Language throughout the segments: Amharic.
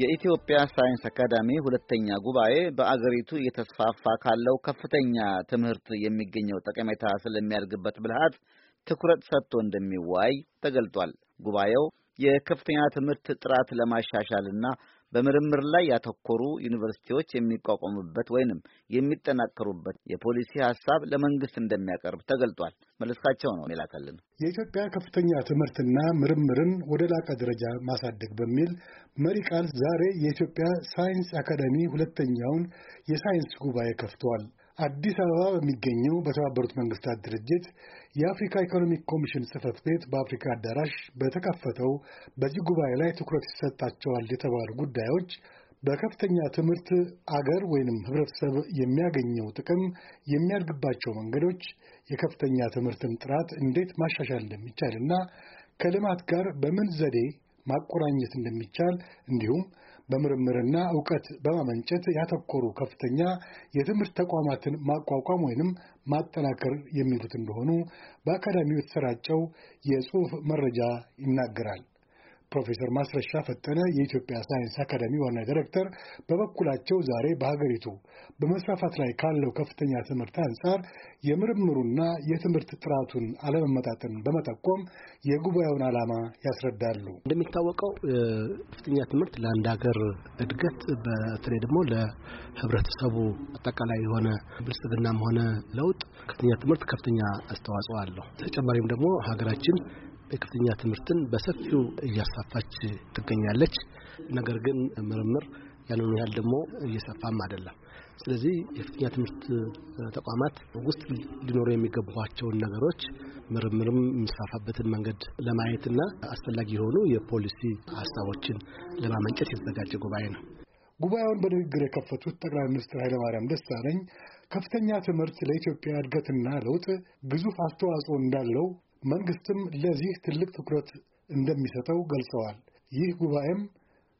የኢትዮጵያ ሳይንስ አካዳሚ ሁለተኛ ጉባኤ በአገሪቱ እየተስፋፋ ካለው ከፍተኛ ትምህርት የሚገኘው ጠቀሜታ ስለሚያድግበት ብልሃት ትኩረት ሰጥቶ እንደሚወያይ ተገልጧል። ጉባኤው የከፍተኛ ትምህርት ጥራት ለማሻሻልና በምርምር ላይ ያተኮሩ ዩኒቨርሲቲዎች የሚቋቋሙበት ወይንም የሚጠናከሩበት የፖሊሲ ሀሳብ ለመንግስት እንደሚያቀርብ ተገልጧል። መለስካቸው ነው የላከልን። የኢትዮጵያ ከፍተኛ ትምህርትና ምርምርን ወደ ላቀ ደረጃ ማሳደግ በሚል መሪ ቃል ዛሬ የኢትዮጵያ ሳይንስ አካዳሚ ሁለተኛውን የሳይንስ ጉባኤ ከፍቷል። አዲስ አበባ በሚገኘው በተባበሩት መንግስታት ድርጅት የአፍሪካ ኢኮኖሚክ ኮሚሽን ጽህፈት ቤት በአፍሪካ አዳራሽ በተከፈተው በዚህ ጉባኤ ላይ ትኩረት ይሰጣቸዋል የተባሉ ጉዳዮች በከፍተኛ ትምህርት አገር ወይንም ህብረተሰብ የሚያገኘው ጥቅም የሚያድግባቸው መንገዶች፣ የከፍተኛ ትምህርትን ጥራት እንዴት ማሻሻል እንደሚቻል እና ከልማት ጋር በምን ዘዴ ማቆራኘት እንደሚቻል እንዲሁም በምርምርና እውቀት በማመንጨት ያተኮሩ ከፍተኛ የትምህርት ተቋማትን ማቋቋም ወይንም ማጠናከር የሚሉት እንደሆኑ በአካዳሚው የተሰራጨው የጽሑፍ መረጃ ይናገራል። ፕሮፌሰር ማስረሻ ፈጠነ የኢትዮጵያ ሳይንስ አካደሚ ዋና ዳይሬክተር በበኩላቸው ዛሬ በሀገሪቱ በመስፋፋት ላይ ካለው ከፍተኛ ትምህርት አንጻር የምርምሩና የትምህርት ጥራቱን አለመመጣጠን በመጠቆም የጉባኤውን ዓላማ ያስረዳሉ። እንደሚታወቀው ከፍተኛ ትምህርት ለአንድ ሀገር እድገት በተለይ ደግሞ ለህብረተሰቡ አጠቃላይ የሆነ ብልጽግናም ሆነ ለውጥ ከፍተኛ ትምህርት ከፍተኛ አስተዋጽኦ አለው። ተጨማሪም ደግሞ ሀገራችን የከፍተኛ ትምህርትን በሰፊው እያስፋፋች ትገኛለች። ነገር ግን ምርምር ያንኑ ያህል ደግሞ እየሰፋም አይደለም። ስለዚህ የከፍተኛ ትምህርት ተቋማት ውስጥ ሊኖሩ የሚገባቸውን ነገሮች ምርምርም የሚስፋፋበትን መንገድ ለማየትና አስፈላጊ የሆኑ የፖሊሲ ሀሳቦችን ለማመንጨት የተዘጋጀ ጉባኤ ነው። ጉባኤውን በንግግር የከፈቱት ጠቅላይ ሚኒስትር ኃይለማርያም ደሳለኝ ከፍተኛ ትምህርት ለኢትዮጵያ እድገትና ለውጥ ግዙፍ አስተዋጽኦ እንዳለው መንግስትም ለዚህ ትልቅ ትኩረት እንደሚሰጠው ገልጸዋል። ይህ ጉባኤም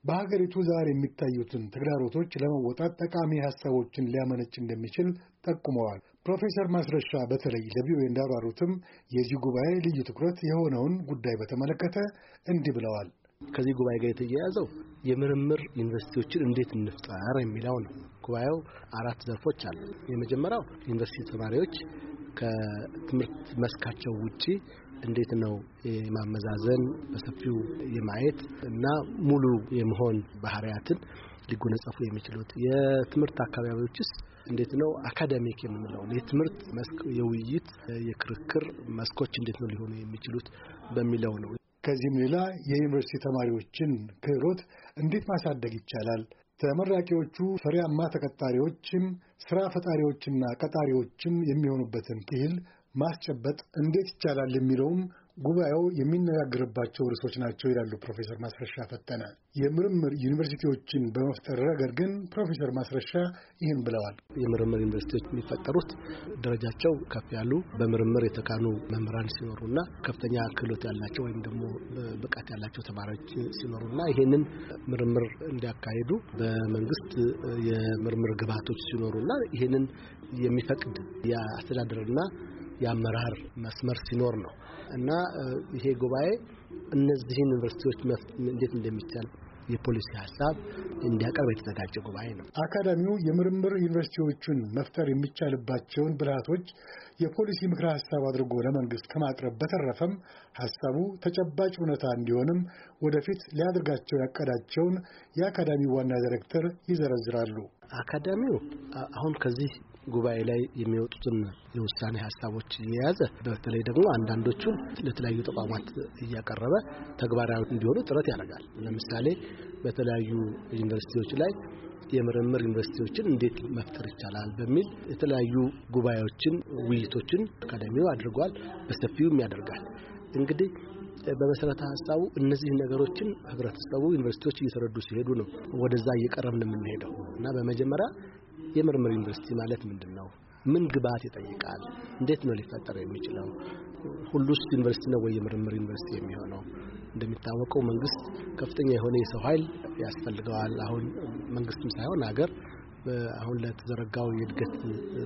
በሀገሪቱ ዛሬ የሚታዩትን ተግዳሮቶች ለመወጣት ጠቃሚ ሀሳቦችን ሊያመነጭ እንደሚችል ጠቁመዋል። ፕሮፌሰር ማስረሻ በተለይ ለቪኦኤ እንዳብራሩትም የዚህ ጉባኤ ልዩ ትኩረት የሆነውን ጉዳይ በተመለከተ እንዲህ ብለዋል። ከዚህ ጉባኤ ጋር የተያያዘው የምርምር ዩኒቨርሲቲዎችን እንዴት እንፍጠር የሚለው ነው። ጉባኤው አራት ዘርፎች አሉ። የመጀመሪያው ዩኒቨርሲቲ ተማሪዎች ከትምህርት መስካቸው ውጪ እንዴት ነው የማመዛዘን በሰፊው የማየት እና ሙሉ የመሆን ባህሪያትን ሊጎነጸፉ የሚችሉት የትምህርት አካባቢዎችስ እንዴት ነው አካደሚክ የምንለው የትምህርት መስክ የውይይት የክርክር መስኮች እንዴት ነው ሊሆኑ የሚችሉት በሚለው ነው። ከዚህም ሌላ የዩኒቨርሲቲ ተማሪዎችን ክህሎት እንዴት ማሳደግ ይቻላል ተመራቂዎቹ ፈሪያማ ተቀጣሪዎችም ስራ ፈጣሪዎችና ቀጣሪዎችም የሚሆኑበትን ክህል ማስጨበጥ እንዴት ይቻላል የሚለውም ጉባኤው የሚነጋገርባቸው ርዕሶች ናቸው ይላሉ ፕሮፌሰር ማስረሻ ፈጠነ። የምርምር ዩኒቨርሲቲዎችን በመፍጠር ረገድ ግን ፕሮፌሰር ማስረሻ ይህን ብለዋል። የምርምር ዩኒቨርሲቲዎች የሚፈጠሩት ደረጃቸው ከፍ ያሉ በምርምር የተካኑ መምህራን ሲኖሩና ከፍተኛ ክህሎት ያላቸው ወይም ደግሞ ብቃት ያላቸው ተማሪዎች ሲኖሩና ይህንን ምርምር እንዲያካሄዱ በመንግስት የምርምር ግብዓቶች ሲኖሩና ይህንን የሚፈቅድ የአስተዳደርና የአመራር መስመር ሲኖር ነው እና ይሄ ጉባኤ እነዚህን ዩኒቨርሲቲዎች እንዴት እንደሚቻል የፖሊሲ ሀሳብ እንዲያቀርብ የተዘጋጀ ጉባኤ ነው። አካዳሚው የምርምር ዩኒቨርሲቲዎቹን መፍጠር የሚቻልባቸውን ብልሃቶች የፖሊሲ ምክረ ሀሳብ አድርጎ ለመንግስት ከማቅረብ በተረፈም ሀሳቡ ተጨባጭ እውነታ እንዲሆንም ወደፊት ሊያደርጋቸው ያቀዳቸውን የአካዳሚው ዋና ዳይሬክተር ይዘረዝራሉ። አካዳሚው አሁን ከዚህ ጉባኤ ላይ የሚወጡትን የውሳኔ ሀሳቦች እየያዘ በተለይ ደግሞ አንዳንዶቹን ለተለያዩ ተቋማት እያቀረበ ተግባራዊ እንዲሆኑ ጥረት ያደርጋል። ለምሳሌ በተለያዩ ዩኒቨርሲቲዎች ላይ የምርምር ዩኒቨርሲቲዎችን እንዴት መፍጠር ይቻላል በሚል የተለያዩ ጉባኤዎችን፣ ውይይቶችን አካዳሚው አድርጓል፣ በሰፊውም ያደርጋል። እንግዲህ በመሰረተ ሀሳቡ እነዚህ ነገሮችን ህብረተሰቡ ዩኒቨርሲቲዎች እየተረዱ ሲሄዱ ነው ወደዛ እየቀረብን የምንሄደው እና በመጀመሪያ የምርምር ዩኒቨርሲቲ ማለት ምንድን ነው? ምን ግብዓት ይጠይቃል? እንዴት ነው ሊፈጠር የሚችለው? ሁሉስ ዩኒቨርሲቲ ነው ወይ የምርምር ዩኒቨርሲቲ የሚሆነው? እንደሚታወቀው መንግስት ከፍተኛ የሆነ የሰው ኃይል ያስፈልገዋል። አሁን መንግስትም ሳይሆን ሀገር አሁን ለተዘረጋው የእድገት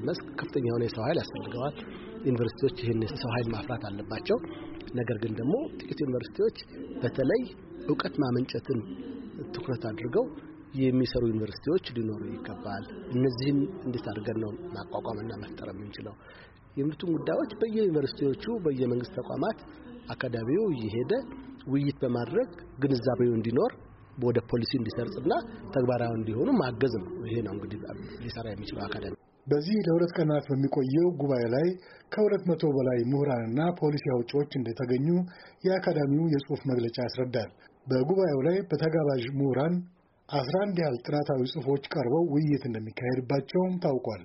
መስክ ከፍተኛ የሆነ የሰው ኃይል ያስፈልገዋል። ዩኒቨርሲቲዎች ይህን የሰው ኃይል ማፍራት አለባቸው። ነገር ግን ደግሞ ጥቂት ዩኒቨርሲቲዎች በተለይ እውቀት ማመንጨትን ትኩረት አድርገው የሚሰሩ ዩኒቨርሲቲዎች ሊኖሩ ይገባል። እነዚህም እንዴት አድርገን ነው ማቋቋምና መፍጠር የምንችለው የምርቱን ጉዳዮች በየዩኒቨርሲቲዎቹ በየመንግስት ተቋማት አካዳሚው እየሄደ ውይይት በማድረግ ግንዛቤው እንዲኖር ወደ ፖሊሲ እንዲሰርጽና ተግባራዊ እንዲሆኑ ማገዝ ነው። ይሄ ነው እንግዲህ ሊሰራ የሚችለው አካዳሚ። በዚህ ለሁለት ቀናት በሚቆየው ጉባኤ ላይ ከሁለት መቶ በላይ ምሁራንና ፖሊሲ አውጪዎች እንደተገኙ የአካዳሚው የጽሑፍ መግለጫ ያስረዳል። በጉባኤው ላይ በተጋባዥ ምሁራን አስራ አንድ ያህል ጥናታዊ ጽሑፎች ቀርበው ውይይት እንደሚካሄድባቸውም ታውቋል።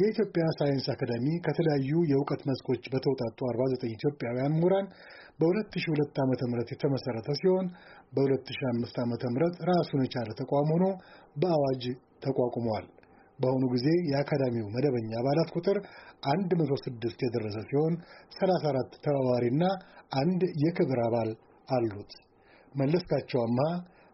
የኢትዮጵያ ሳይንስ አካዳሚ ከተለያዩ የእውቀት መስኮች በተውጣጡ 49 ኢትዮጵያውያን ምሁራን በ2002 ዓ ም የተመሠረተ ሲሆን በ2005 ዓ ም ራሱን የቻለ ተቋም ሆኖ በአዋጅ ተቋቁመዋል። በአሁኑ ጊዜ የአካዳሚው መደበኛ አባላት ቁጥር 106 የደረሰ ሲሆን 34 ተባባሪና አንድ የክብር አባል አሉት። መለስካቸው አምሃ